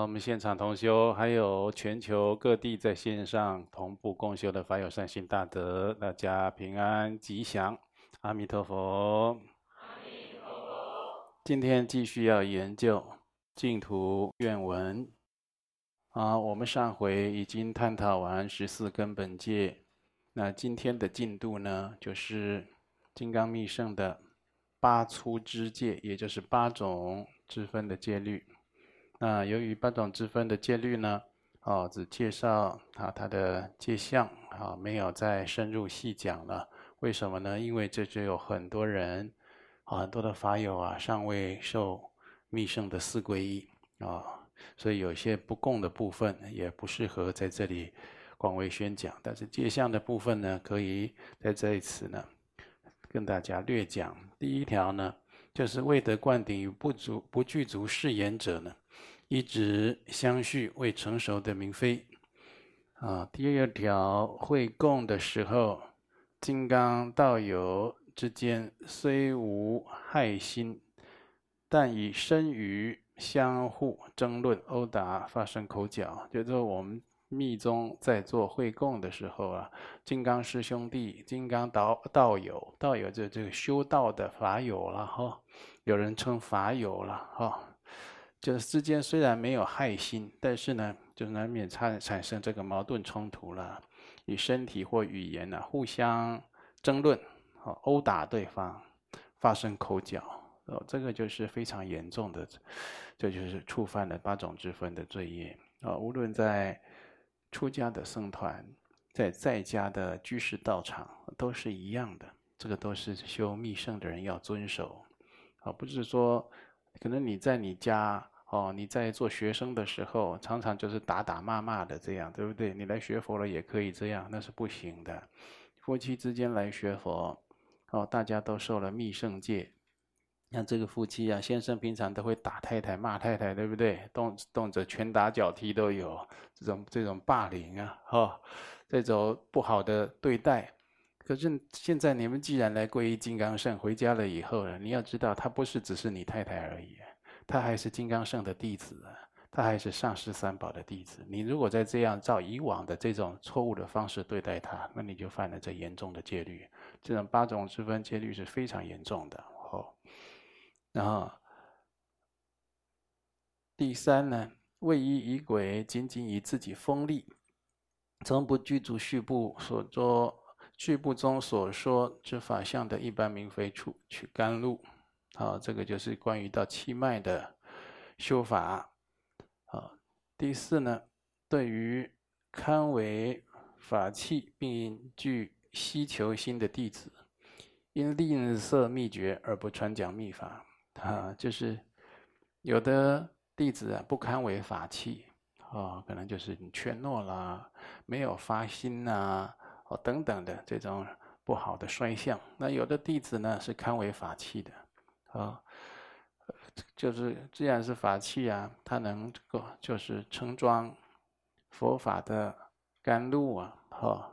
我們現場同修，還有全球各地在線上同步共修的法友善信大德，大家平安吉祥，阿彌陀佛，阿彌陀佛。今天繼續要研究淨土願文啊，我們上回已經探討完十四根本戒，那今天的進度呢，就是金剛密乘的八粗之戒，也就是八種支分的戒律。那由於八種支分的戒律呢，哦，只介紹它，他的戒相，啊，沒有再深入細講了。為什麼呢？因為，這只有很多人，很多的法友啊，尚未受密乘的四皈依啊，所以有些不共的部分也不適合在這裡廣為宣講。但是戒相的部分呢，可以在這一次呢，跟大家略講。第一條呢，就是未得灌頂與不足不具足誓言者呢。依止相續未成熟的明妃，啊，第二條會供的時候，金剛道友之間雖無害心，但以身語相互爭論、毆打、發生口角。就是說我們密宗在做會供的時候啊，金剛師兄弟、金剛道道友，道友就這個修道的法友了哈，哦，有人稱法友了哈。哦就是之間雖然沒有害心，但是呢，就難免產產生這個矛盾衝突了，與身體或語言呢互相爭論，哦，毆打對方，發生口角，哦，這個就是非常嚴重的，這就是觸犯了八種支分的罪業啊。無論在出家的僧團，在在家的居士道場，都是一樣的，這個都是修密乘的人要遵守，而不是說可能你在你家。哦，你在做學生的時候，常常就是打打罵罵的這樣，對不對？你來學佛了也可以這樣，那是不行的。夫妻之間來學佛，哦，大家都受了密乘戒。像這個夫妻啊，先生平常都會打太太、罵太太，對不對？動動輒拳打腳踢都有，這種這種霸凌啊，哈、哦，這種不好的對待。可是現在你們既然來皈依金剛乘，回家了以後呢，你要知道，他不是只是你太太而已。他還是金剛聖的弟子，他還是上師三寶的弟子。你如果再這樣照以往的這種錯誤的方式對待他，那你就犯了這嚴重的戒律。這種八種支分戒律是非常嚴重的哦。然後，第三呢，未依儀軌，僅僅以自己風力，從不具足續部所作續部中所說之法相的一般明妃處取，取甘露。好、哦，這個就是關於到氣脈的修法。好、哦，第四呢，對於堪為法器並具希求心的弟子，因吝嗇秘訣而不傳講密法。啊、哦，就是有的弟子啊不堪為法器，啊、哦，可能就是你怯懦啦，沒有發心吶、啊，哦，等等的這種不好的衰相。那有的弟子呢，是堪為法器的。啊，就是，既然是法器啊，它能夠就是盛裝佛法的甘露啊，哈，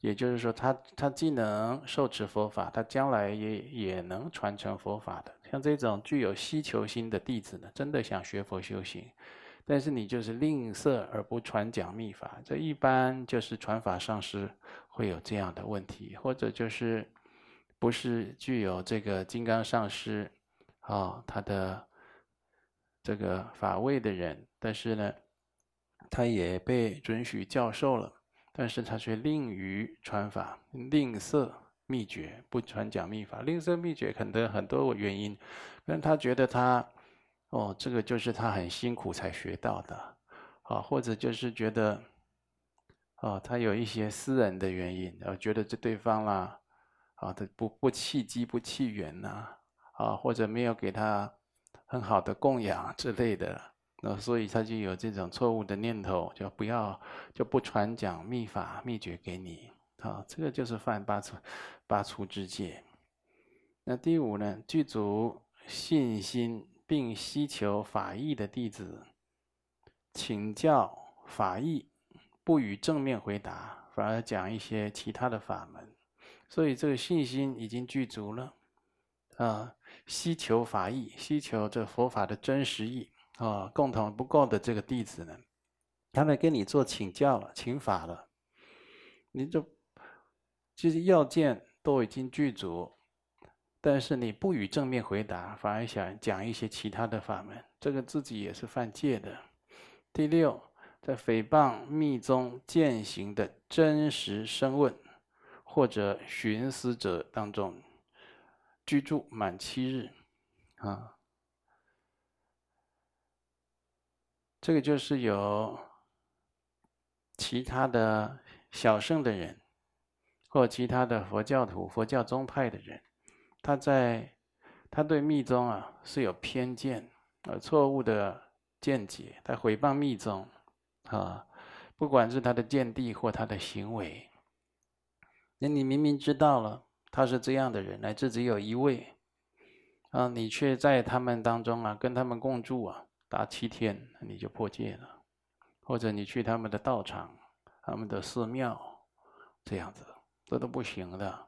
也就是說它，它他既能受持佛法，它將來也也能傳承佛法的。像這種具有希求心的弟子呢，真的想學佛修行，但是你就是吝嗇而不傳講密法，這一般就是傳法上師會有這樣的問題，或者就是。不是具有這個金剛上師啊、哦，他的這個法位的人，但是呢，他也被准許教授了，但是他却吝於傳法，吝嗇秘訣，不傳講密法，吝嗇秘訣可能有很多原因，但他覺得他哦，這個就是他很辛苦才學到的，啊、哦，或者就是覺得哦，他有一些私人的原因，呃，覺得這對方啦、啊。啊、哦，他不不棄機不棄緣吶、啊，啊、哦，或者沒有給他很好的供養之類的，那所以他就有這種錯誤的念頭，就不要就不傳講秘法秘訣給你，啊、哦，這個就是犯八出八出之戒。那第五呢，具足信心並希求法義的弟子，請教法義，不予正面回答，反而講一些其他的法門。所以這個信心已經具足了，啊，希求法義，希求這佛法的真實義，啊，共同不夠的這個弟子呢，他來跟你做請教了，請法了，你就其實要件都已經具足，但是你不予正面回答，反而想講一些其他的法門，這個自己也是犯戒的。第六，在誹謗密宗見行的真實聲聞。或者尋思者當中居住滿七日，啊，這個就是有其他的小乘的人，或其他的佛教徒、佛教宗派的人，他在他對密宗啊是有偏見、呃錯誤的見解，他誹謗密宗啊，不管是他的見地或他的行為。那你明明知道了他是這樣的人，乃至只有一位啊，你卻在他們當中啊，跟他們共住啊，達七天，你就破戒了；或者你去他們的道場、他們的寺廟，這樣子，這都不行的。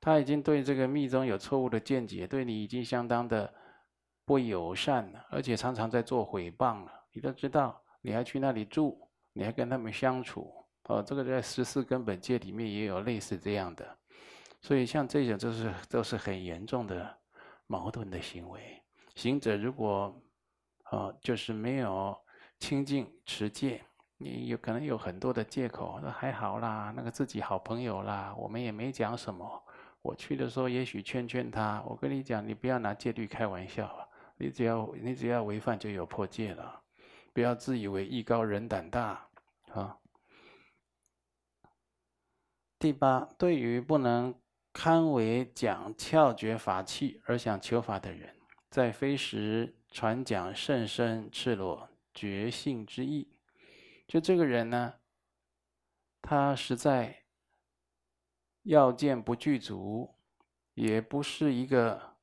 他已經對這個密宗有錯誤的見解，對你已經相當的不友善了，而且常常在做誹謗了。你都知道，你還去那裡住，你還跟他們相處。哦，這個在十四根本戒裡面也有類似這樣的，所以像這種都是就是很嚴重的矛盾的行為。行者如果，哦，就是沒有清淨持戒，你有可能有很多的借口，那還好啦，那個自己好朋友啦，我們也沒講什麼。我去的時候也許勸勸他，我跟你講，你不要拿戒律開玩笑，你只要你只要違反，就有破戒了。不要自以為藝高人膽大，啊。第八，對於不能堪為講竅訣法器而想求法的人，在非時傳講甚深赤裸覺性之義，就這個人呢，他實在要件不具足，也不是一個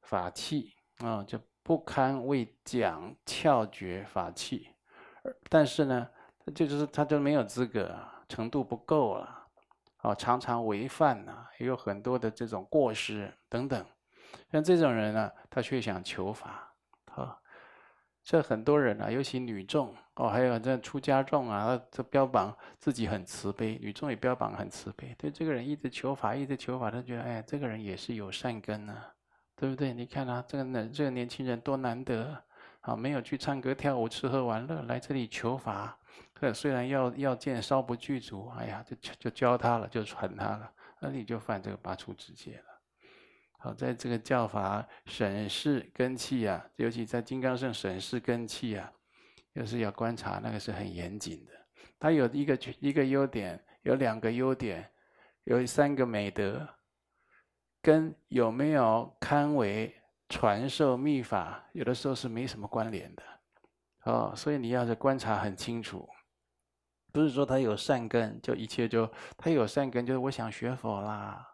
法器啊，就不堪為講竅訣法器，但是呢，他就是他就沒有資格，程度不夠了。哦，常常違犯吶，也有很多的這種過失等等。像這種人呢、啊，他卻想求法。啊，這很多人啊，尤其女眾哦，還有這出家眾啊，這標榜自己很慈悲，女眾也標榜很慈悲。對這個人一直求法，一直求法，他覺得哎，這個人也是有善根呢、啊，對不對？你看啊，這個男，這個年輕人多難得。好，沒有去唱歌跳舞、吃喝玩樂，來這裡求法。可雖然要要見稍不具足，哎呀，就就，就教他了，就傳他了，那你就犯這個八出之戒了。好，在這個教法審視根器啊，尤其在金剛上審視根器啊，就是要觀察，那個是很嚴謹的。它有一個一個優點，有兩個優點，有三個美德，跟有沒有堪為。傳授密法，有的時候是沒什麼關聯的，哦，所以你要是觀察很清楚，不是說他有善根就一切就他有善根，就是我想學佛啦，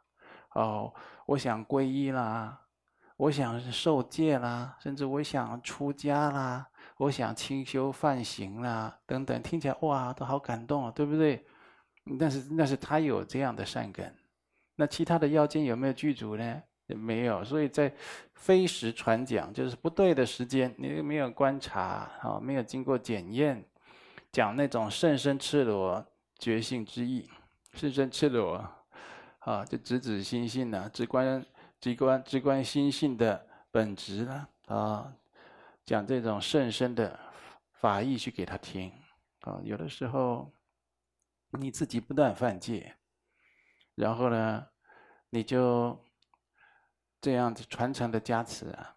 哦，我想皈依啦，我想受戒啦，甚至我想出家啦，我想清修梵行啦等等，聽起來哇，都好感動啊，哦，對不對？但是那是他有這樣的善根，那其他的要件有沒有具足呢？也沒有，所以在非時傳講就是不對的時間，你沒有觀察啊，沒有經過檢驗，講那種甚深赤裸覺性之意、啊，甚深，深赤裸啊，就直指心性呢、啊，直觀直觀直觀心性的本質呢啊，啊，講這種甚深的法義去給他聽啊，有的時候你自己不斷犯戒，然後呢，你就。這樣子傳承的加持啊，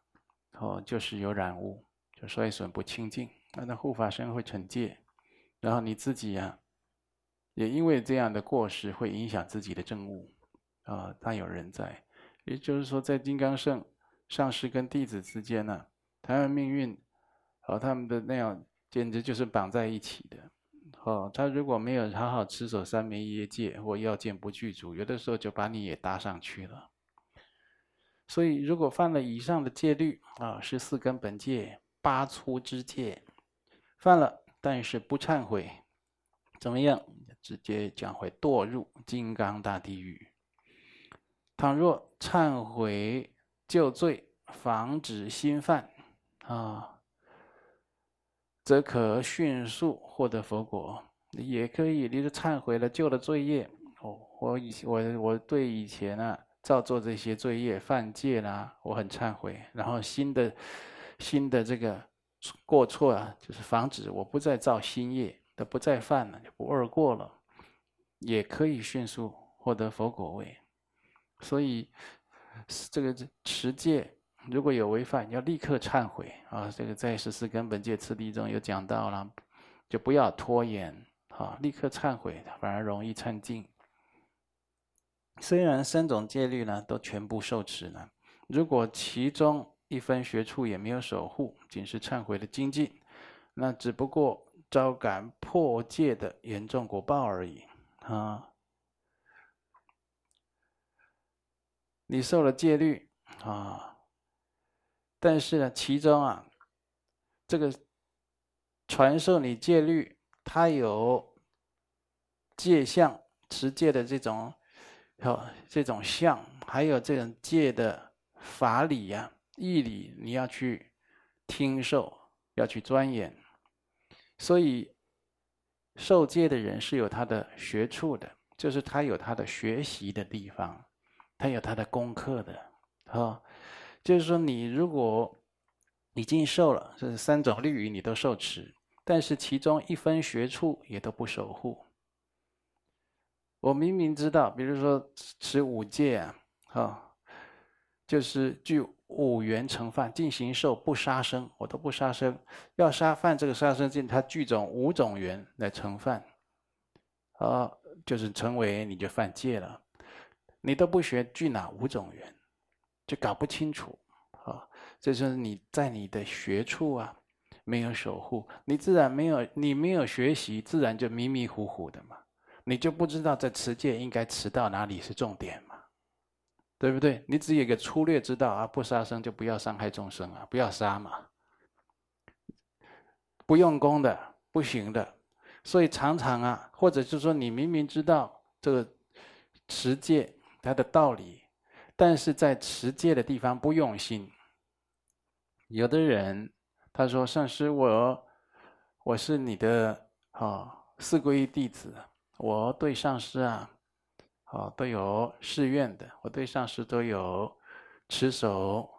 哦，就是有染污，就衰損不清淨。那、啊、那護法神會懲戒，然後你自己啊，也因為這樣的過失，會影響自己的政務，啊、哦，大有人在。也就是說，在金剛聖上師跟弟子之間呢、啊，他們命運和、哦、他們的那樣，簡直就是綁在一起的。哦，他如果沒有好好持守三昧耶戒或要件不具足，有的時候就把你也搭上去了。所以，如果犯了以上的戒律啊，十四根本戒、八粗之戒，犯了，但是不懺悔，怎麼樣？直接將會墮入金剛大地獄。倘若懺悔舊罪，防止新犯，啊，則可迅速獲得佛果。也可以，例如懺悔了舊的罪業。哦，我以我我對以前啊。造作這些罪業犯戒啦、啊，我很懺悔。然後新的、新的這個過錯啊，就是防止我不再造新業，它不再犯了，就不二過了，也可以迅速獲得佛果位。所以這個持戒如果有違犯，要立刻懺悔啊！這個在十四根本戒次第中有講到了，就不要拖延啊，立刻懺悔，反而容易懺淨。雖然三種戒律呢，都全部受持呢，如果其中一分學處也沒有守護，僅是懺悔的精進，那只不過招感破戒的嚴重果報而已啊！你受了戒律啊，但是呢，其中啊，這個傳授你戒律，它有戒相持戒的這種。哦，這種相，還有這種戒的法理呀、啊、義理，你要去聽受，要去鑽研。所以，受戒的人是有他的學處的，就是他有他的學習的地方，他有他的功課的。好、哦，就是說，你如果已經受了這、就是、三種律儀，你都受持，但是其中一分學處也都不守護。我明明知道，比如說持五戒啊，啊，就是具五緣成犯，淨行受不殺生，我都不殺生，要殺犯這個殺生戒，它具種五種緣來成犯。啊，就是成為你就犯戒了，你都不學具哪五種緣，就搞不清楚，啊，所以說你在你的學處啊沒有守護，你自然沒有，你沒有學習，自然就迷迷糊糊的嘛。你就不知道在持戒應該持到哪裡是重點嘛？對不對？你只有一個粗略知道啊，不殺生就不要傷害眾生啊，不要殺嘛。不用功的不行的，所以常常啊，或者是說你明明知道這個持戒它的道理，但是在持戒的地方不用心。有的人他說上師我我是你的啊、哦、四皈依弟子。我對上師啊，哦，都有誓願的。我對上師都有持守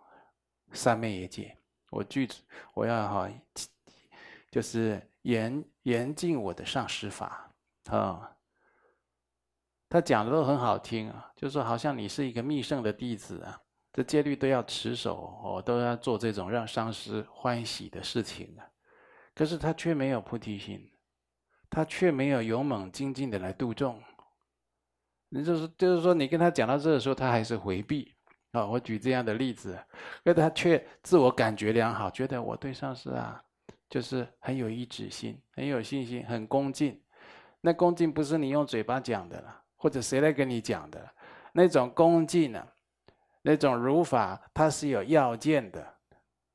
三昧耶戒。我拒，我要哈，就是嚴嚴禁我的上師法啊。他講的都很好聽啊，就說好像你是一個密乘的弟子啊，這戒律都要持守，我都要做這種讓上師歡喜的事情啊。可是他卻沒有菩提心。他卻沒有勇猛精進的來度眾，你就是就是說，你跟他講到這個時候，他還是回避啊。我舉這樣的例子，而他卻自我感覺良好，覺得我對上師啊，就是很有依止心，很有信心，很恭敬。那恭敬不是你用嘴巴講的了，或者誰來跟你講的？那種恭敬呢、啊，那種如法，它是有要件的，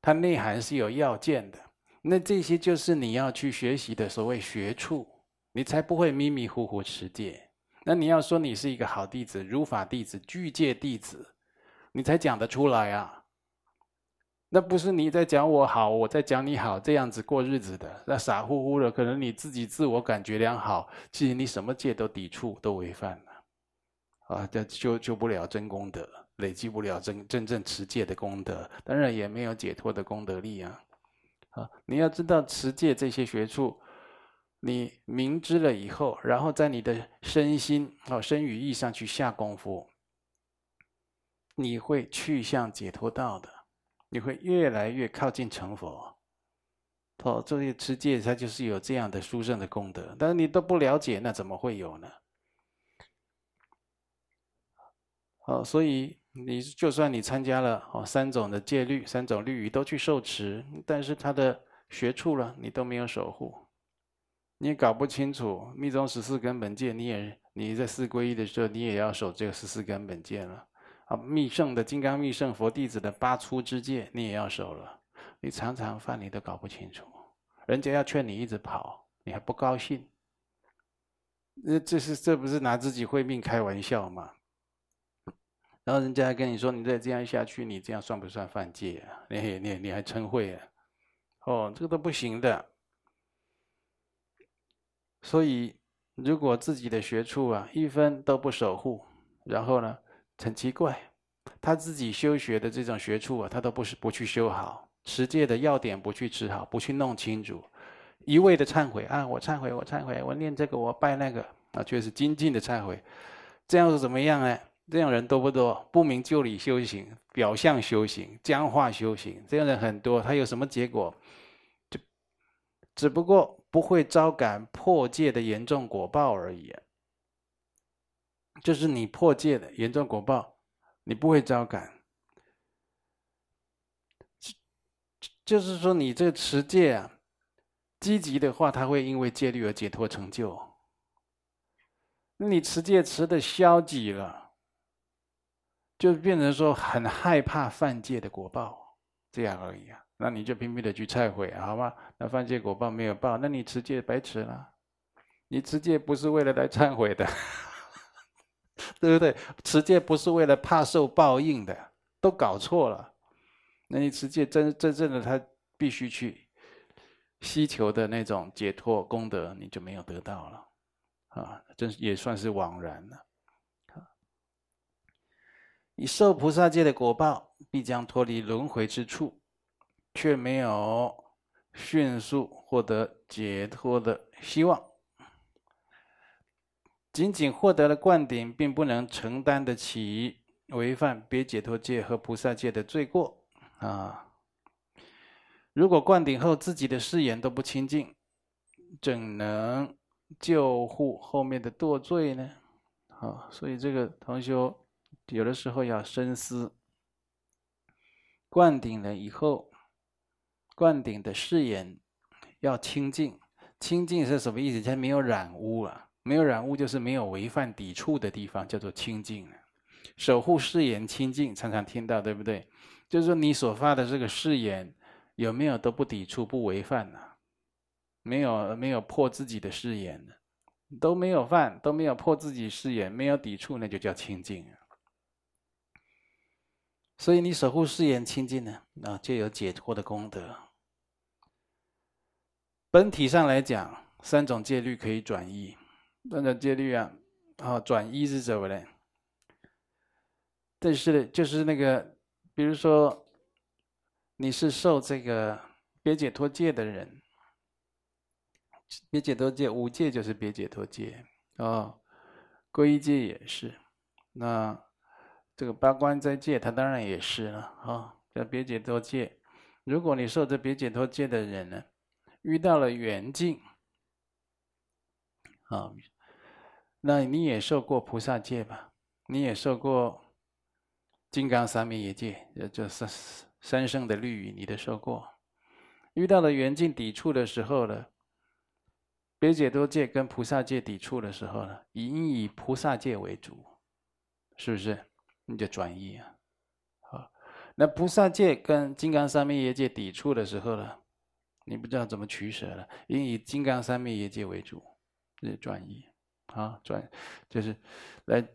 它內涵是有要件的。那這些就是你要去學習的所謂學處，你才不會迷迷糊糊持戒。那你要說你是一個好弟子、如法弟子、具戒弟子，你才講得出來啊。那不是你在講我好，我在講你好，這樣子過日子的，那傻乎乎的，可能你自己自我感覺良好，其實你什麼戒都抵觸，都違反了啊，這就就不了真功德，累積不了真真正持戒的功德，當然也沒有解脫的功德力啊。啊！你要知道持戒這些學處，你明知了以後，然後在你的身心、哦身語意上去下功夫，你會去向解脫道的，你會越來越靠近成佛。哦，這些持戒它就是有這樣的殊勝的功德，但是你都不了解，那怎麼會有呢？好，所以。你就算你參加了哦，三種的戒律、三種律儀都去受持，但是他的學處了，你都沒有守護，你也搞不清楚。密宗十四根本戒，你也你在四皈依的時候，你也要守這個十四根本戒了啊。密乘的金剛密乘佛弟子的八粗之戒，你也要守了。你常常犯，你都搞不清楚。人家要勸你一直跑，你還不高興。那這是這不是拿自己慧命開玩笑嗎？然後人家還跟你說：“你再這樣下去，你這樣算不算犯戒啊？你你你還真會啊？哦，這個都不行的。所以，如果自己的學處啊，一分都不守護，然後呢，很奇怪，他自己修學的這種學處啊，他都不是不去修好，持戒的要點不去持好，不去弄清楚，一味的懺悔啊，我懺悔，我懺悔，我念這個，我拜那個，啊，卻是精進的懺悔，這樣是怎麼樣呢？”這樣人多不多？不明就裡修行，表象修行，僵化修行，這樣人很多。他有什麼結果？就只不過不會招感破戒的嚴重果報而已。就是你破戒的嚴重果報，你不會招感。就是說，你這持戒啊，積極的話，他會因為戒律而解脫成就。你持戒持的消極了。就變成說很害怕犯戒的果報，這樣而已啊。那你就拼命的去懺悔，好嗎？那犯戒果報沒有報，那你持戒白持了。你持戒不是為了來懺悔的， 對不對？持戒不是為了怕受報應的，都搞錯了。那你持戒真真正的他必須去希求的那種解脫功德，你就沒有得到了，啊，這也算是枉然了、啊。以受菩薩戒的果報，必將脫離輪回之處，卻沒有迅速獲得解脫的希望。僅僅獲得了灌頂，並不能承擔得起違犯別解脫戒和菩薩戒的罪過啊！如果灌頂後自己的誓言都不清淨，怎能救護後面的墮罪呢？好，所以這個同修。有的時候要深思，灌頂了以後，灌頂的誓言要清淨。清淨是什麼意思？它沒有染污啊，沒有染污就是沒有違反抵觸的地方，叫做清淨。守護誓言清淨，常常聽到，對不對？就是說你所發的這個誓言，有沒有都不抵觸、不違反呢？沒有，沒有破自己的誓言，都沒有犯，都沒有破自己誓言，沒有抵觸，那就叫清淨。所以你守護誓言清淨呢，啊，就有解脫的功德。本體上來講，三種戒律可以轉依。三種戒律啊，啊，轉依是什麼呢？但是就是那個，比如說你是受這個別解脫戒的人，別解脫戒、五戒就是別解脫戒啊，皈依戒也是，那。這個八關齋戒，它當然也是了啊、哦。叫別解脫戒，如果你受着別解脫戒的人呢，遇到了緣境，啊，那你也受過菩薩戒吧？你也受過金剛三昧耶戒，這這三三乘的律儀你都受過。遇到了緣境抵觸的時候了，別解脫戒跟菩薩戒抵觸的時候呢，應以菩薩戒為主，是不是？你就轉移啊，好，那菩薩界跟金剛三昧業界抵觸的時候呢，你不知道怎麼取舍了，應以金剛三昧業界為主，是轉移啊轉，就是來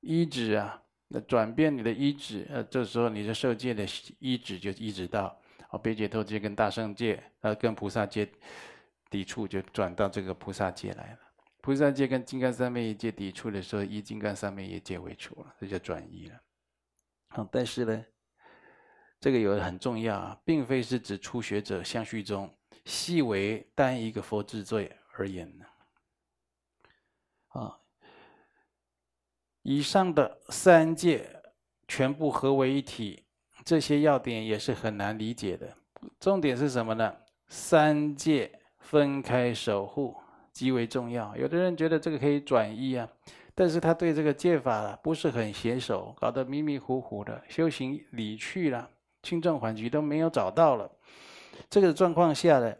依止啊，那轉變你的一止，呃，這時候你的受戒的一止就一直到啊，被解脫戒跟大聖戒，啊，跟菩薩界抵觸就轉到這個菩薩界來了。菩薩戒跟金剛三昧耶戒抵觸的時候，以金剛三昧耶戒為主了，這叫轉移了。啊，但是呢，這個有的很重要，並非是指初學者相續中細微單一個佛制罪而言的。啊，以上的三戒全部合為一體，這些要點也是很難理解的。重點是什麼呢？三戒分開守護。極為重要。有的人覺得這個可以轉移啊，但是他對這個戒法、啊、不是很嫻熟，搞得迷迷糊糊的，修行理去了、啊，輕重緩急都沒有找到了。這個狀況下的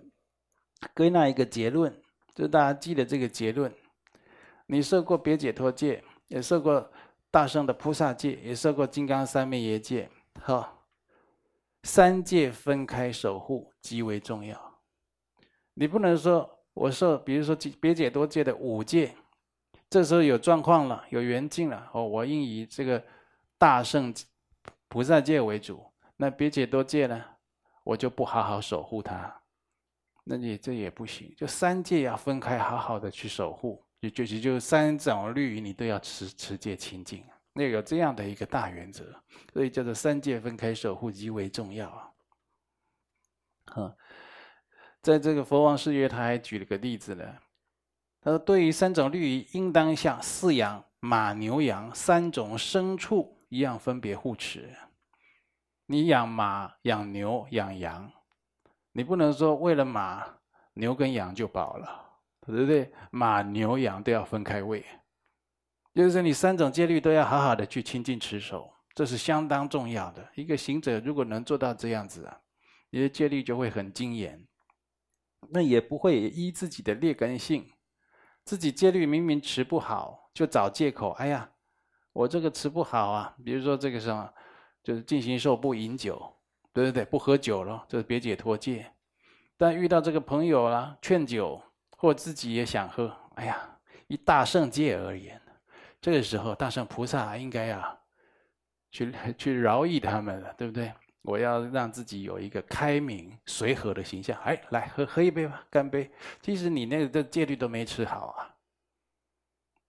歸納一個結論，就大家記得這個結論：你受過別解脫戒，也受過大乘的菩薩戒，也受過金剛三昧耶戒，哈，三戒分開守護極為重要。你不能說。我說，比如說別解脫戒的五戒，這時候有狀況了，有緣境了哦，我應以這個大乘菩薩戒為主。那別解脫戒呢，我就不好好守護他。那你這也不行，就三戒要分開好好的去守護，就就就三種律儀你都要持持戒清淨。那有這樣的一個大原則，所以叫做三戒分開守護極為重要啊。哈。在這個佛王誓約，他還舉了個例子呢。他說：“對於三種律儀，應當像飼養馬、牛、羊三種牲畜，一樣，分別護持。你養馬、養牛、養羊，你不能說餵了馬、牛跟羊就飽了，對不對？馬、牛、羊都要分開餵。就是說，你三種戒律都要好好的去清淨持守，這是相當重要的。一個行者如果能做到這樣子啊，你的戒律就會很精嚴。”那也不會依自己的劣根性，自己戒律明明持不好，就找借口。哎呀，我這個持不好啊，比如說這個什麼，就是進行受不飲酒，對對對，不喝酒了，就是別解脫戒。但遇到這個朋友啦、啊，勸酒或自己也想喝，哎呀，以大乘戒而言，這個時候大乘菩薩應該啊，去去饒益他們了，對不對？我要讓自己有一個開明、隨和的形象。哎，來喝喝一杯吧，乾杯！其實你那個戒律都沒吃好啊，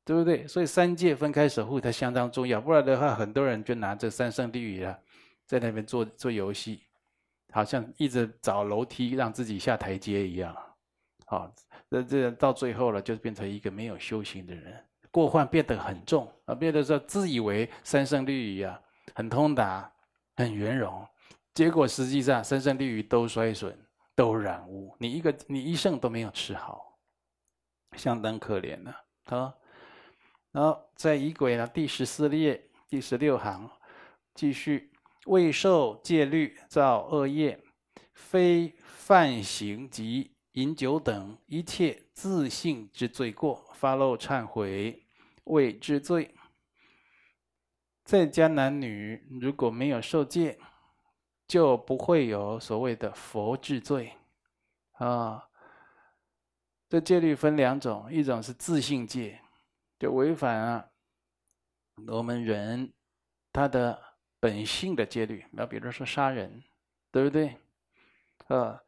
對不對？所以三戒分開守護它相當重要，不然的話，很多人就拿這三乘律儀啊，在那邊做做遊戲，好像一直找樓梯讓自己下台階一樣。好、哦，這這到最後了，就變成一個沒有修行的人，過患變得很重啊，變得說自以為三乘律儀啊很通達、很圓融。結果實際上，生生地獄都衰損，都染污。你一個，你一聖都沒有吃好，相當可憐的。好，然後在儀軌呢，第十四列，第十六行，繼續未受戒律造惡業，非犯行及飲酒等一切自性之罪過，發露懺悔，未知罪。在家男女如果沒有受戒，就不會有所謂的佛制罪，啊，這戒律分兩種，一種是自性戒，就違反啊我們人他的本性的戒律，那比如說殺人，對不對？啊，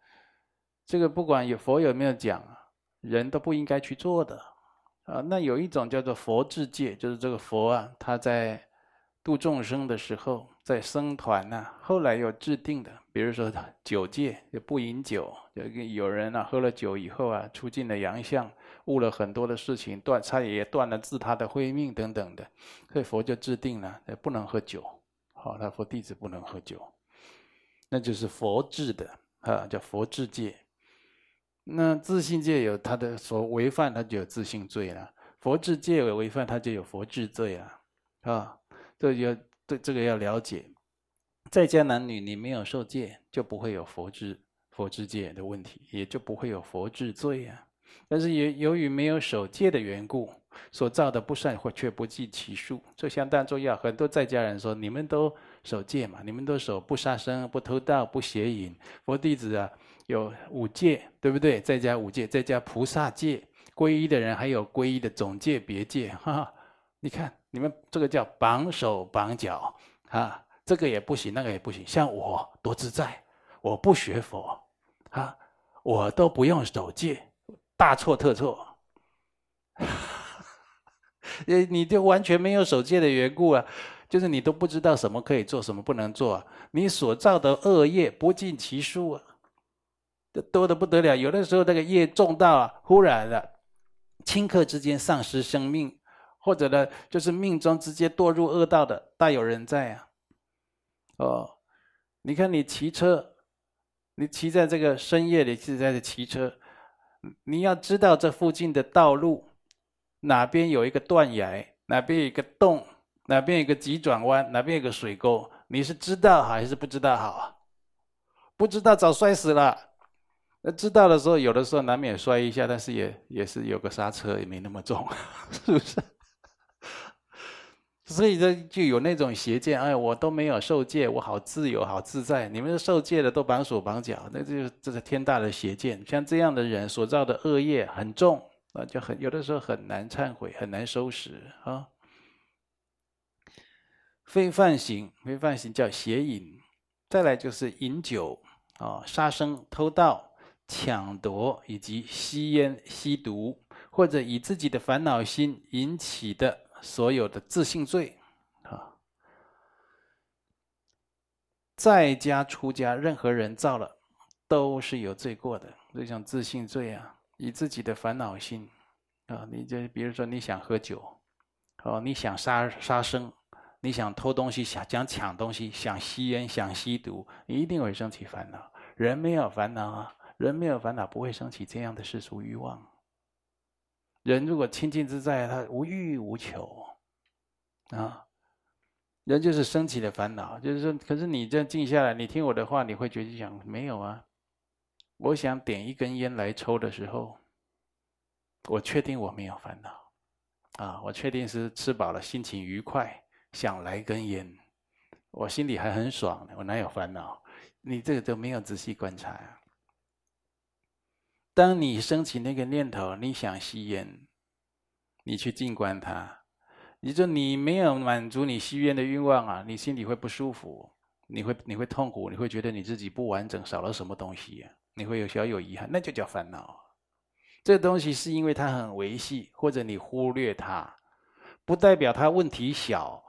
這個不管有佛有沒有講，人都不應該去做的啊。那有一種叫做佛制戒，就是這個佛啊，他在。度眾生的時候，在僧團呢，後來又制定的，比如說酒戒，不飲酒。有人呢、啊、喝了酒以後啊，出盡了洋相，誤了很多的事情，斷他也斷了自他的慧命等等的，所以佛就制定了不能喝酒。好，他佛弟子不能喝酒，那就是佛制的啊，叫佛制戒。那自性戒有他的所違犯，他就有自性罪了；佛制戒有違犯，他就有佛制罪了，啊。這要對這個要了解，在家男女，你沒有受戒，就不會有佛制佛制戒的問題，也就不會有佛制罪啊。但是也由於沒有守戒的緣故，所造的不善或卻不計其數，這相當重要。很多在家人說：“你們都守戒嘛，你們都守不殺生、不偷盜、不邪淫。”佛弟子啊，有五戒，對不對？在家五戒，在家菩薩戒，皈依的人還有皈依的總戒、別戒，哈哈。你看，你們這個叫綁手綁腳啊，這個也不行，那個也不行。像我多自在，我不學佛啊，我都不用守戒，大錯特錯。你 你就完全沒有守戒的緣故啊，就是你都不知道什麼可以做，什麼不能做，啊，你所造的惡業不盡其數啊，這多的不得了。有的時候那個業重到，啊、忽然了，頃刻之間喪失生命。或者呢，就是命中直接墮入惡道的大有人在啊！哦，你看你騎車，你騎在這個深夜裡是在這騎車，你要知道這附近的道路哪邊有一個斷崖，哪邊有一個洞，哪邊有一個急轉彎，哪邊有個水溝，你是知道好還是不知道好啊？不知道早摔死了，那知道的時候，有的時候難免摔一下，但是也也是有個剎車，也沒那麼重，是不是？所以說就有那種邪見，哎，我都沒有受戒，我好自由，好自在。你們受戒的都綁手綁腳，那就這是天大的邪見。像這樣的人所造的惡業很重，那就很有的時候很難懺悔，很難收拾啊、哦。非梵行，非梵行叫邪淫。再來就是飲酒啊、哦，殺生、偷盜、搶奪，以及吸煙、吸毒，或者以自己的煩惱心引起的。所有的自性罪，啊，在家出家任何人造了，都是有罪過的。這種自性罪啊，以自己的煩惱心，啊，你就比如說你想喝酒，哦，你想殺殺生，你想偷東西，想想搶東西，想吸煙，想吸毒，你一定會生起煩惱。人沒有煩惱啊，人沒有煩惱，不會生起這樣的世俗欲望。人如果清淨自在，他無慾無求，啊，人就是升起的煩惱。就是說，可是你這樣靜下來，你聽我的話，你會覺得想沒有啊。我想點一根煙來抽的時候，我確定我沒有煩惱，啊，我確定是吃飽了，心情愉快，想來根煙，我心裡還很爽，我哪有煩惱？你這個都沒有仔細觀察，啊當你生起那個念頭，你想吸煙，你去靜觀它，你說你沒有滿足你吸煙的欲望啊，你心裡會不舒服，你會你會痛苦，你會覺得你自己不完整，少了什麼東西啊，你會有小有遺憾，那就叫煩惱。這東西是因為它很維繫，或者你忽略它，不代表它問題小，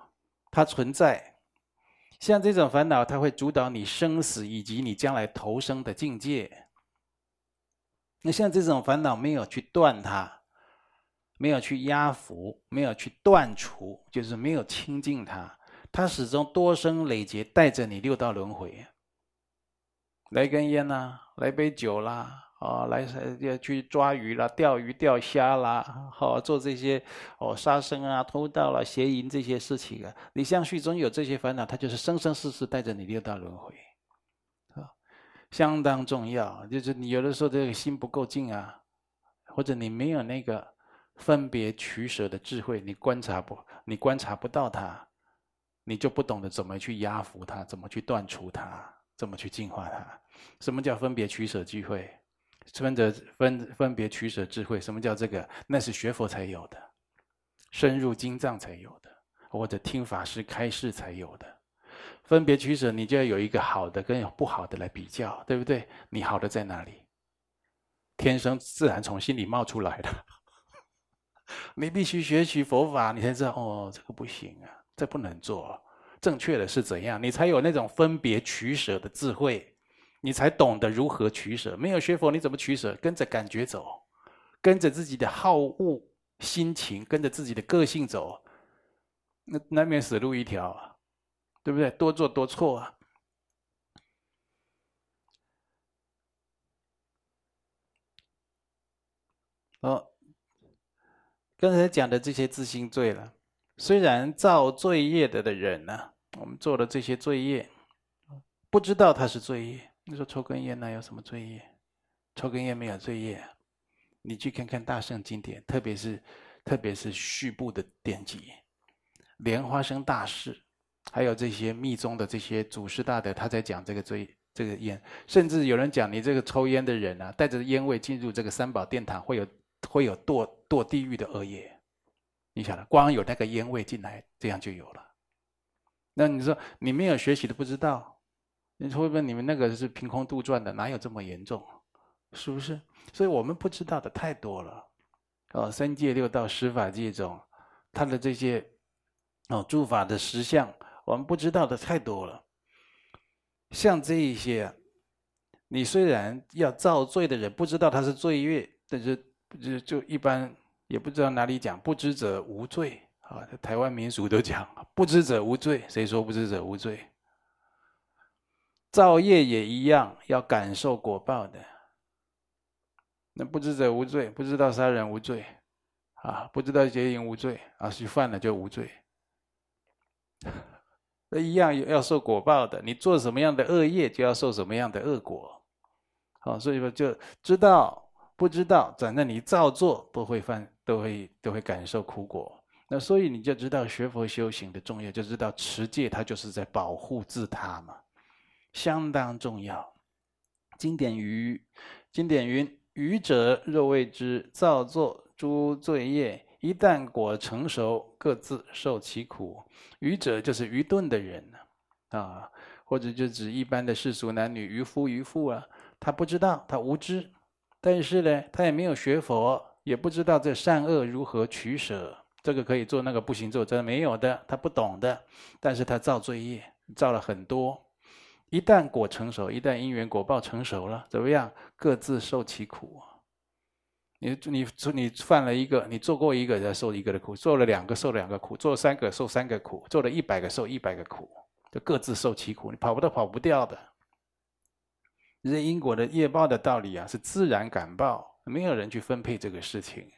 它存在。像這種煩惱，它會主導你生死以及你將來投生的境界。那像這種煩惱沒有去斷它，沒有去壓服，沒有去斷除，就是沒有清淨它，它始終多生累劫帶着你六道輪迴。來根煙啦、啊，來杯酒啦，哦，來要去抓魚啦、啊，啊釣，啊、釣魚釣蝦啦，好做這些哦殺生啊、偷盜啦，邪淫這些事情、啊，你相續中有這些煩惱，它就是生生世世帶着你六道輪迴。相當重要，就是你有的時候這個心不夠靜啊，或者你沒有那個分別取捨的智慧，你觀察不，你觀察不到它，你就不懂得怎麼去壓服它，怎麼去斷除它，怎麼去淨化它。什麼叫分別取捨機會？分則分，分別取捨智慧。什麼叫這個？那是學佛才有的，深入經藏才有的，或者聽法師開示才有的。分別取捨，你就要有一個好的跟不好的來比較，對不對？你好的在哪裡？天生自然從心裡冒出來的， 你必須學習佛法，你才知道哦，這個不行啊，這不能做。正確的是怎樣？你才有那種分別取捨的智慧，你才懂得如何取捨。沒有學佛，你怎麼取捨？跟着感覺走，跟着自己的好惡心情，跟着自己的個性走，那難免死路一條。對不對？多做多錯啊！哦，剛才講的這些自心罪了。雖然造罪業的的人呢、啊，我們做的這些罪業，不知道他是罪業。你說抽根煙呢，有什麼罪業？抽根煙沒有罪業、啊。你去看看大聖經典，特別是特別是續部的典籍，《蓮花生大士》。還有這些密宗的這些祖師大德，他在講這個追這個煙，甚至有人講，你這個抽煙的人啊，帶着煙味進入這個三寶殿堂，會有會有墮墮地獄的惡業。你曉得，光有那個煙味進來，這樣就有了。那你說你沒有學習的不知道，你會不會你們那個是憑空杜撰的，哪有這麼嚴重啊？是不是？所以我們不知道的太多了。哦，三界六道十法界中，他的這些哦諸法的實相。我們不知道的太多了，像這一些、啊，你雖然要造罪的人不知道他是罪業，但是就一般也不知道哪裡講，不知者無罪啊。台灣民俗都講不知者無罪，誰說不知者無罪？造業也一樣要感受果報的，那不知者無罪，不知道殺人無罪，啊，不知道邪淫無罪，啊，是犯了就無罪。一樣要受果報的，你做什麼樣的惡業，就要受什麼樣的惡果。好，所以說就知道不知道，反正你造作都會犯，都會都會感受苦果。那所以你就知道學佛修行的重要，就知道持戒它就是在保護自他嘛，相當重要。經典云：“經典云，愚者若為之，造作諸罪業。”一旦果成熟，各自受其苦。愚者就是愚鈍的人，啊，或者就指一般的世俗男女、愚夫愚婦啊，他不知道，他無知。但是呢，他也沒有學佛，也不知道這善惡如何取捨。這個可以做，那個不行做，這個沒有的，他不懂的。但是他造罪業，造了很多。一旦果成熟，一旦因緣果報成熟了，怎麼樣？各自受其苦。你你你犯了一個，你做過一個，再受一個的苦；做了兩個，受了兩個苦；做了三個，受三個苦；做了一百個，受一百個苦，就各自受其苦。你跑不到，跑不掉的。因為因果的業報的道理啊，是自然感報，沒有人去分配這個事情，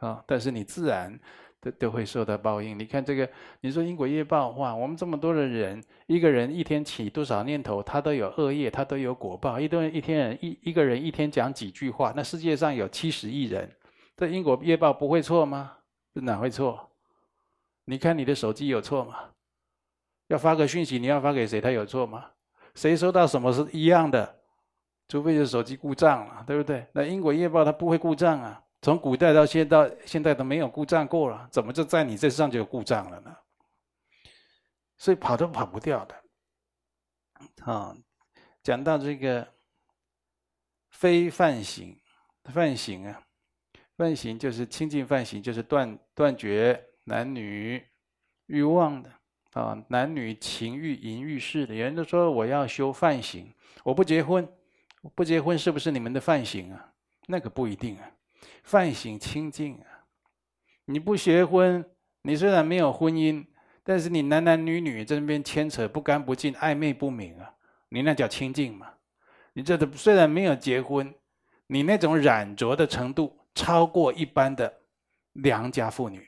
啊！但是你自然。都都會受到報應。你看這個，你說因果業報哇，我們這麼多的人，一個人一天起多少念頭，他都有惡業，他都有果報。一堆一天一一個人一天講幾句話，那世界上有七十億人，這因果業報不會錯嗎？哪會錯？你看你的手機有錯嗎？要發個訊息，你要發給誰，他有錯嗎？誰收到什麼是一樣的？除非是手機故障了啊，對不對？那因果業報它不會故障啊。從古代到現到現在都沒有故障過了，怎麼就在你這上就有故障了呢？所以跑都跑不掉的。啊，講到這個非梵行，梵行啊，梵行就是清淨梵行，就是斷斷絕男女欲望的啊，男女情欲、淫欲事的。有人都說我要修梵行，我不結婚，不結婚是不是你們的梵行啊？那可不一定啊。梵行清淨啊！你不結婚，你雖然沒有婚姻，但是你男男女女在那邊牽扯不乾不淨、曖昧不明啊，你那叫清淨嗎？你這都雖然沒有結婚，你那種染着的程度超過一般的良家婦女。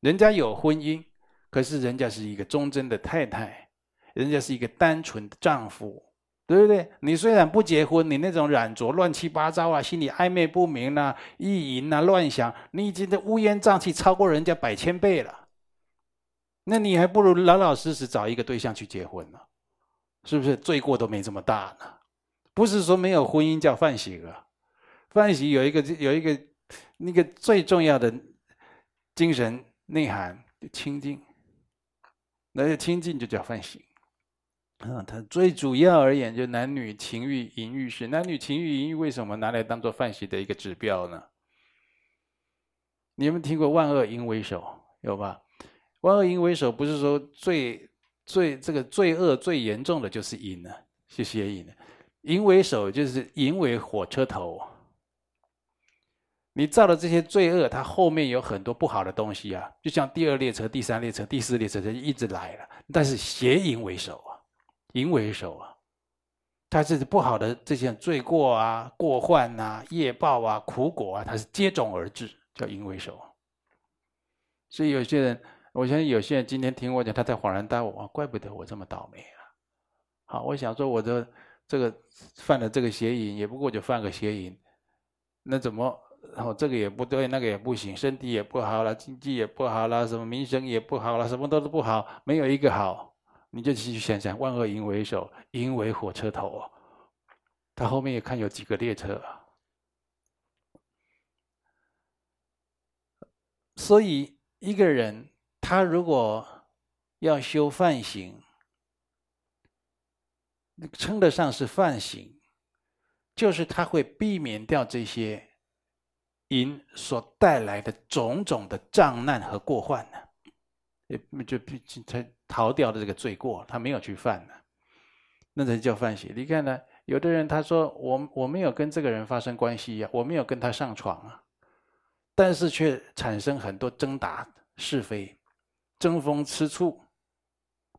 人家有婚姻，可是人家是一個忠貞的太太，人家是一個單純的丈夫。對不對？你雖然不結婚，你那種染着亂七八糟啊，心裡曖昧不明啊，意淫啊，亂想，你已經的烏煙瘴氣超過人家百千倍了。那你還不如老老實實找一個對象去結婚呢，啊，是不是？罪過都沒這麼大呢。不是說沒有婚姻叫梵行啊，梵行有一個有一個那個最重要的精神內涵就清靜。那就、個、清淨就叫梵行。啊，它最主要而言就男女情欲、淫欲，是男女情欲、淫欲，為什麼拿來當做犯邪的一個指標呢？你有沒有聽過“萬惡淫為首”有吧？“萬惡淫為首”不是說最最這個罪惡最嚴重的就是淫呢，是邪淫了。淫為首就是淫為火車頭，你造的這些罪惡，它後面有很多不好的東西啊，就像第二列車、第三列車、第四列車就一直來了，但是邪淫為首。淫為首啊，他是不好的這些罪過啊、過患啊、業報啊、苦果啊，他是接踵而至，叫淫為首。所以有些人，我相信有些人今天聽我講，他在恍然大悟啊，怪不得我這麼倒霉啊。好，我想說我的這個犯了這個邪淫，也不過就犯個邪淫，那怎麼然後這個也不對，那個也不行，身體也不好了，經濟也不好了，什麼名聲也不好了，什麼都是不好，沒有一個好。你就繼續想想，萬惡淫為首，淫為火車頭。他後面也看有幾個列車。所以，一個人他如果要修梵行，稱得上是梵行，就是他會避免掉這些淫所帶來的種種的障難和過患呢。也就比才逃掉的這個罪過，他沒有去犯呢，那才叫犯邪。你看呢，有的人他說，我我沒有跟這個人發生關係呀、啊，我沒有跟他上床啊，但是卻產生很多爭打是非、爭風吃醋，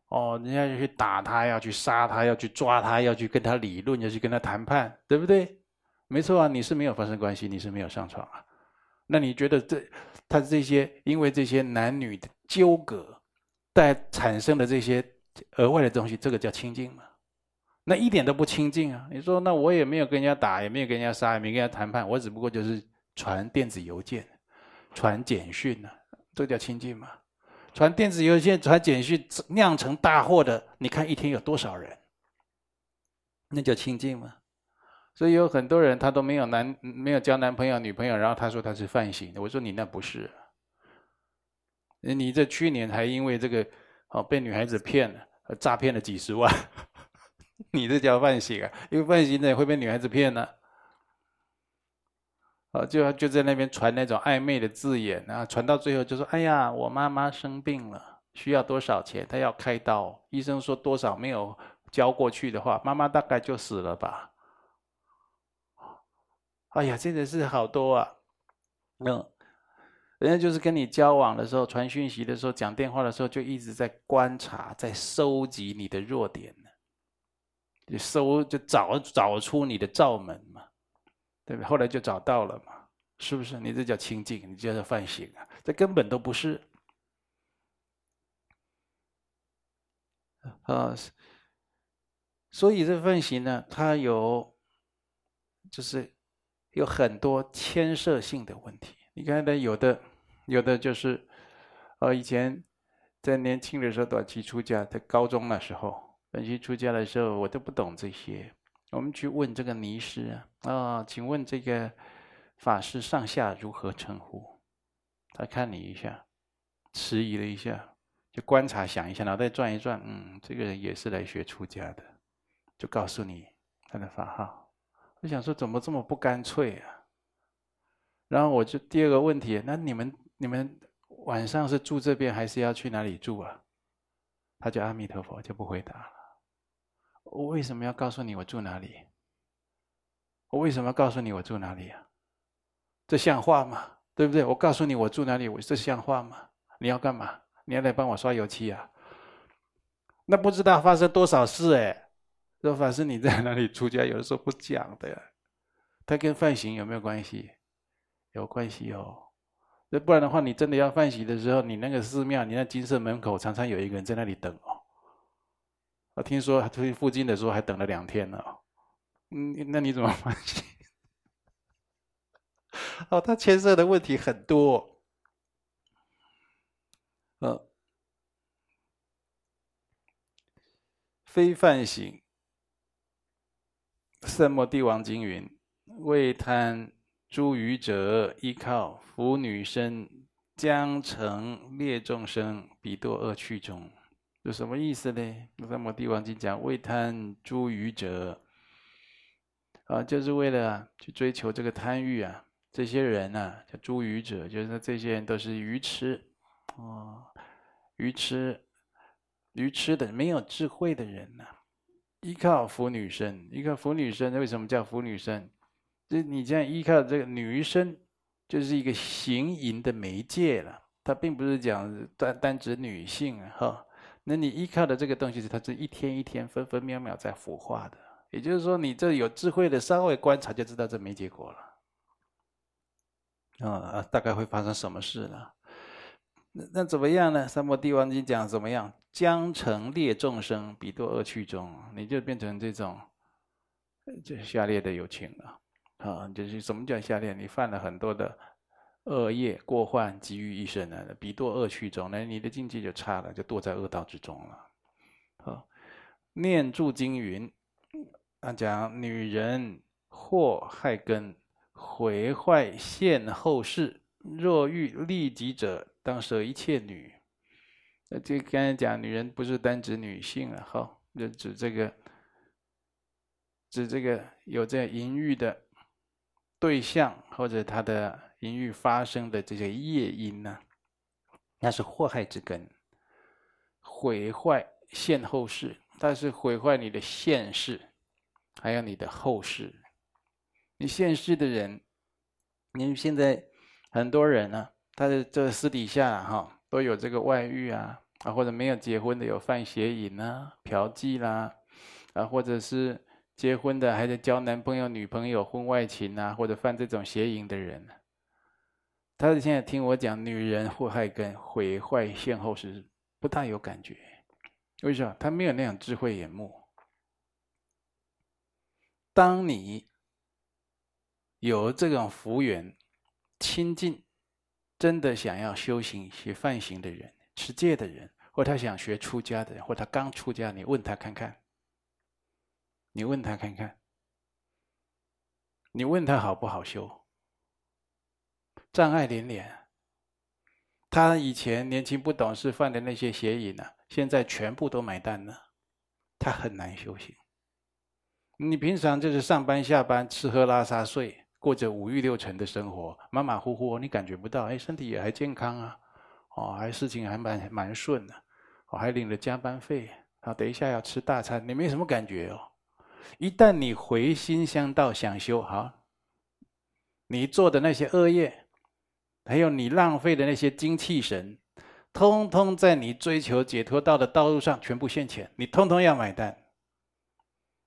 哦，人家要去打他，要去殺他，要去抓他，要去跟他理論，要去跟他談判，對不對？沒錯啊，你是沒有發生關係，你是沒有上床啊，那你覺得這他這些因為這些男女的。糾葛，帶產生的這些額外的東西，這個叫清淨嗎？那一點都不清淨啊！你說，那我也沒有跟人家打，也沒有跟人家殺，也沒跟人家談判，我只不過就是傳電子郵件、傳簡訊啊，這叫清淨嗎？傳電子郵件、傳簡訊釀成大禍的，你看一天有多少人？那叫清淨嗎？所以有很多人他都沒有男沒有交男朋友女朋友，然後他說他是梵行的，我說你那不是。你這去年還因為這個，哦，被女孩子騙了，詐騙了幾十萬。 你這叫萬幸啊！因為萬幸的也會被女孩子騙了，呃，就就在那邊傳那種曖昧的字眼啊，然後傳到最後就說：“哎呀，我媽媽生病了，需要多少錢？她要開刀，醫生說多少沒有交過去的話，媽媽大概就死了吧。”哎呀，真的是好多啊，嗯。人家就是跟你交往的時候、傳訊息的時候、講電話的時候，就一直在觀察、在收集你的弱點呢。你搜就找找出你的罩門嘛，對不對？後來就找到了嘛，是不是？你這叫清淨，你這叫犯行啊？這根本都不是。啊，所以這犯行呢，它有，就是有很多牽涉性的問題。你看呢，有的。有的就是，呃，以前在年輕的時候短期出家，在高中那時候短期出家的時候，我都不懂這些。我們去問這個尼師啊、哦，請問這個法師上下如何稱呼？他看你一下，遲疑了一下，就觀察想一下，腦袋轉一轉，嗯，這個人也是來學出家的，就告訴你他的法號。我想說怎麼這麼不乾脆啊？然後我就第二個問題，那你們？你們晚上是住這邊，還是要去哪裡住啊？他就阿彌陀佛，就不回答了。我為什麼要告訴你我住哪裡？我為什麼要告訴你我住哪裡呀、啊？這像話嗎？對不對？我告訴你我住哪裡，這像話嗎？你要幹嘛？你要來幫我刷油漆啊？那不知道發生多少事哎、欸！若凡是你在哪裡出家，有的時候不講的、啊。他跟犯行有沒有關係？有關係哦。那不然的話，你真的要犯洗的時候，你那個寺廟，你那金色門口常常有一個人在那裡等哦。我聽說他附近的時候還等了兩天呢、哦。嗯，那你怎麼犯洗？哦，他牽涉的問題很多、哦。呃，非犯洗，什末帝王金雲，未貪。諸愚者依靠婦女身，將成劣眾生，彼墮惡趣中。有什麼意思呢？《無上母地王經》講，為貪諸愚者啊，就是為了、啊、去追求這個貪欲啊。這些人呢、啊，叫諸愚者，就是說這些人都是愚痴，啊、哦，愚痴、愚痴的沒有智慧的人呢、啊。依靠婦女身，依靠婦女身，為什麼叫婦女身？就你這樣依靠的這個女醫生，就是一個行淫的媒介了。它並不是講單單指女性啊，哈。那你依靠的這個東西，它是一天一天、分分秒秒在腐化的。也就是說，你這有智慧的稍微觀察，就知道這沒結果了、哦。啊大概會發生什麼事呢？那那怎麼樣呢？《三摩地王經》講怎麼樣？將成列眾生，彼墮惡趣中，你就變成這種這下列的有情了、啊。啊，就是什麼叫下劣？你犯了很多的惡業過患，集於一身了，比墮惡趣中，那你的境界就差了，就墮在惡道之中了。好，念住經云，講女人禍害根，毀壞現後世。若欲利己者，當捨一切女。那就剛才講，女人不是單指女性了，好，就指這個，指這個有這淫欲的。對象或者他的淫欲發生的這些業因呢，那是禍害之根，毀壞現後世，它是毀壞你的現世，還有你的後世。你現世的人，你因為現在很多人呢、啊，他的這個私底下哈、啊，都有這個外遇啊，啊或者沒有結婚的有犯邪淫吶、啊、嫖妓啦，啊或者是。結婚的，還在交男朋友，女朋友，婚外情啊，或者犯這種邪淫的人，他現在聽我講女人禍害根、毀壞先後是不大有感覺。為什麼？他沒有那種智慧眼目。當你有這種福緣、親近，真的想要修行、學梵行的人、持戒的人，或他想學出家的人，或他剛出家，你問他看看。你問他看看，你問他好不好修？障礙連連，他以前年輕不懂事犯的那些邪淫呢，現在全部都買單了，他很難修行。你平常就是上班下班，吃喝拉撒睡，過着五欲六塵的生活，馬馬虎虎，你感覺不到，哎，身體也還健康啊，哦，還事情還蠻蠻順的，我還領了加班費啊，等一下要吃大餐，你沒什麼感覺哦。一旦你回心向道想修好，你做的那些惡業，還有你浪費的那些精氣神，通通在你追求解脫道的道路上全部現前，你通通要買單。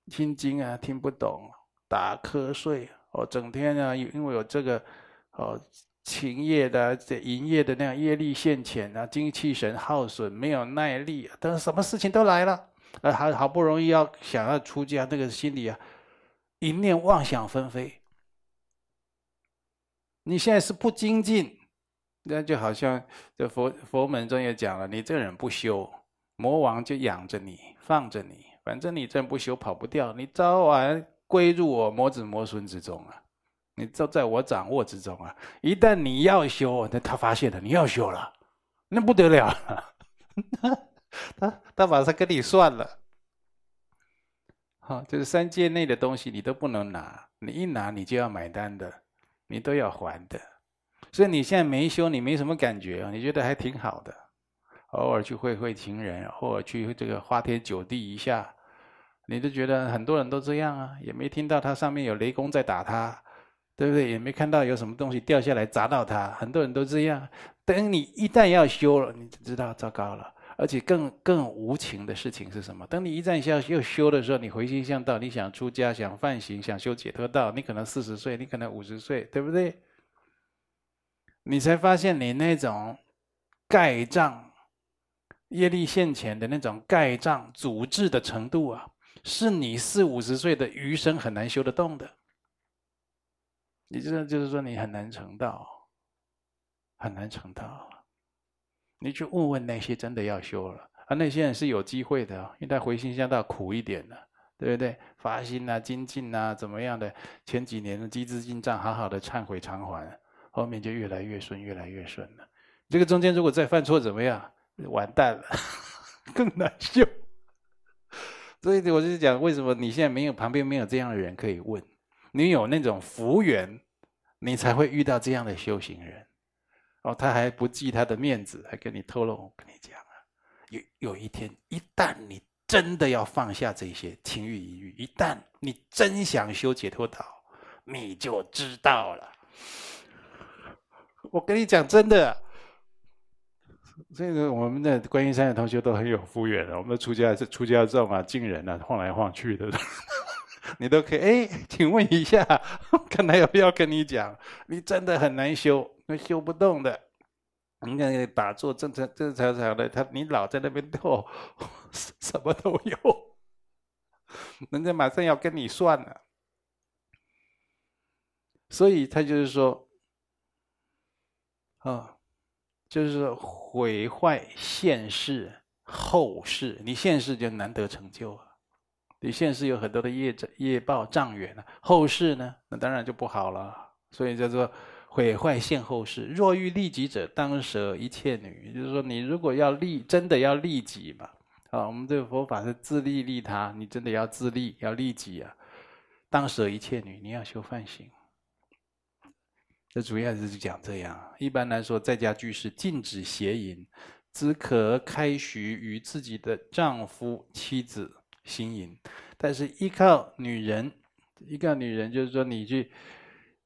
聽經啊聽不懂，打瞌睡哦，整天啊，因為有這個哦情業的、這營業的那樣業力現前啊，精氣神耗損，沒有耐力，等什麼事情都來了。那他好不容易要想要出家，那個心裡啊，一念妄想紛飛。你現在是不精進，那就好像這佛佛門中也講了，你這人不修，魔王就養着你，放着你，反正你這人不修跑不掉，你早晚歸入我魔子魔孫之中啊，你都在我掌握之中啊。一旦你要修，那他發現了你要修了，那不得了了。 他他晚上跟你算了，好，就是三界內的東西你都不能拿，你一拿你就要買單的，你都要還的。所以你現在沒修，你沒什麼感覺，你覺得還挺好的，偶爾去會會情人，偶爾去這個花天酒地一下，你就覺得很多人都這樣啊，也沒聽到他上面有雷公在打他，對不對？也沒看到有什麼東西掉下來砸到他，很多人都這樣。等你一旦要修了，你就知道糟糕了。而且更更無情的事情是什麼？等你一站下又修的時候，你回心向道，你想出家，想梵行，想修解脫道，你可能四十歲，你可能五十歲，對不對？你才發現你那種蓋障業力現前的那種蓋障阻滯的程度啊，是你四五十歲的餘生很難修得動的。你這就是說，你很難成道，很難成道。你去問問那些真的要修了啊，那些人是有機會的，因為他回心向道苦一點了，對不對？發心啊，精進啊，怎麼樣的？前幾年的積資淨障，好好的懺悔償還，後面就越來越順，越來越順了。這個中間如果再犯錯，怎麼樣？完蛋了， 更難修。所以我就講，為什麼你現在沒有旁邊沒有這樣的人可以問？你有那種福緣，你才會遇到這樣的修行人。哦，他還不記他的面子，還跟你透露。我跟你講啊，有有一天，一旦你真的要放下這些情欲、淫欲，一旦你真想修解脫道，你就知道了。我跟你講真的，這個我們的觀音山的同學都很有福緣的。我們的出家是出家眾啊，近人啊，晃來晃去的，對對 你都可以。哎，請問一下，看來有必要跟你講，你真的很難修。那修不動的，人家打坐正常正正常常的，他你老在那邊逗，什麼都有，人家馬上要跟你算了。所以他就是說，啊、哦，就是說毀壞現世後世，你現世就難得成就啊，你現世有很多的業障業報障緣啊，後世呢，那當然就不好了，所以叫做。毀壞現後世，若欲利己者，當舍一切女。也就是說，你如果要利，真的要利己嘛？啊，我們這個佛法是自利利他，你真的要自利，要利己啊，當舍一切女。你要修梵行，這主要就是講這樣。一般來說，在家居士禁止邪淫，只可開許與自己的丈夫、妻子行淫，但是依靠女人，依靠女人，就是說你去。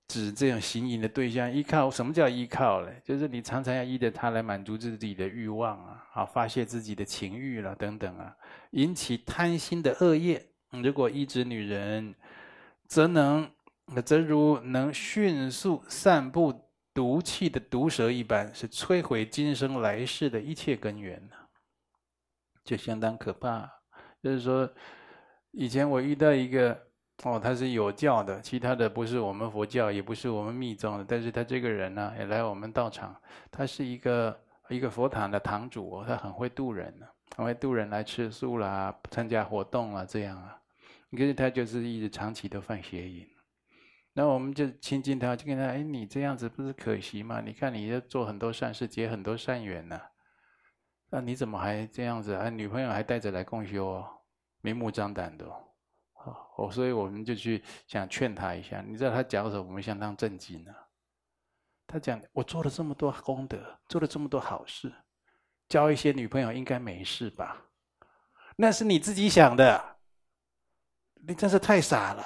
指這種行淫的對象，依靠，什麼叫依靠呢？就是你常常要依着他來滿足自己的欲望啊，好發泄自己的情欲了、啊、等等啊，引起貪心的惡業。如果依止女人，則能，則如能迅速散布毒氣的毒蛇一般，是摧毀今生來世的一切根源呢、啊，就相當可怕。就是說，以前我遇到一個。哦，他是有教的，其他的不是我們佛教，也不是我們密宗的，但是他這個人呢，也來我們道場。他是一個一個佛堂的堂主哦，他很會渡人呢，很會渡人來吃素啦，參加活動啊，這樣啊。可是他就是一直長期都犯邪淫。那我們就親近他，就跟他哎，你這樣子不是可惜嗎？你看你做很多善事，結很多善緣呢。那你怎麼還這樣子？啊，女朋友還帶着來共修哦，明目張膽的。哦，所以我們就去想勸他一下。你知道他講什麼？我們相當震驚啊，他講：“我做了這麼多功德，做了這麼多好事，交一些女朋友應該沒事吧？”那是你自己想的，你真是太傻了。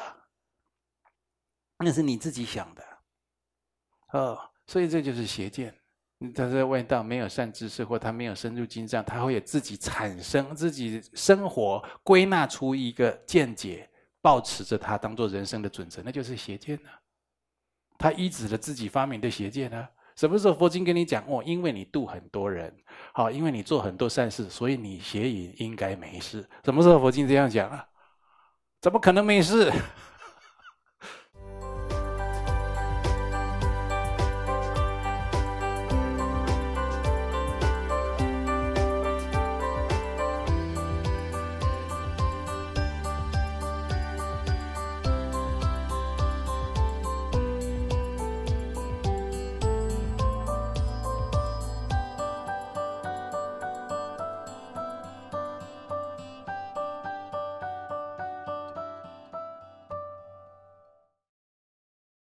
那是你自己想的，哦，所以這就是邪見。他在問到沒有善知識，或他沒有深入經藏，他會自己產生、自己生活歸納出一個見解，抱持着它當做人生的準則，那就是邪見。他依止了自己發明的邪見。什麼時候佛經跟你講？哦，因為你度很多人，好，因為你做很多善事，所以你邪淫應該沒事。什麼時候佛經這樣講啊？怎麼可能沒事？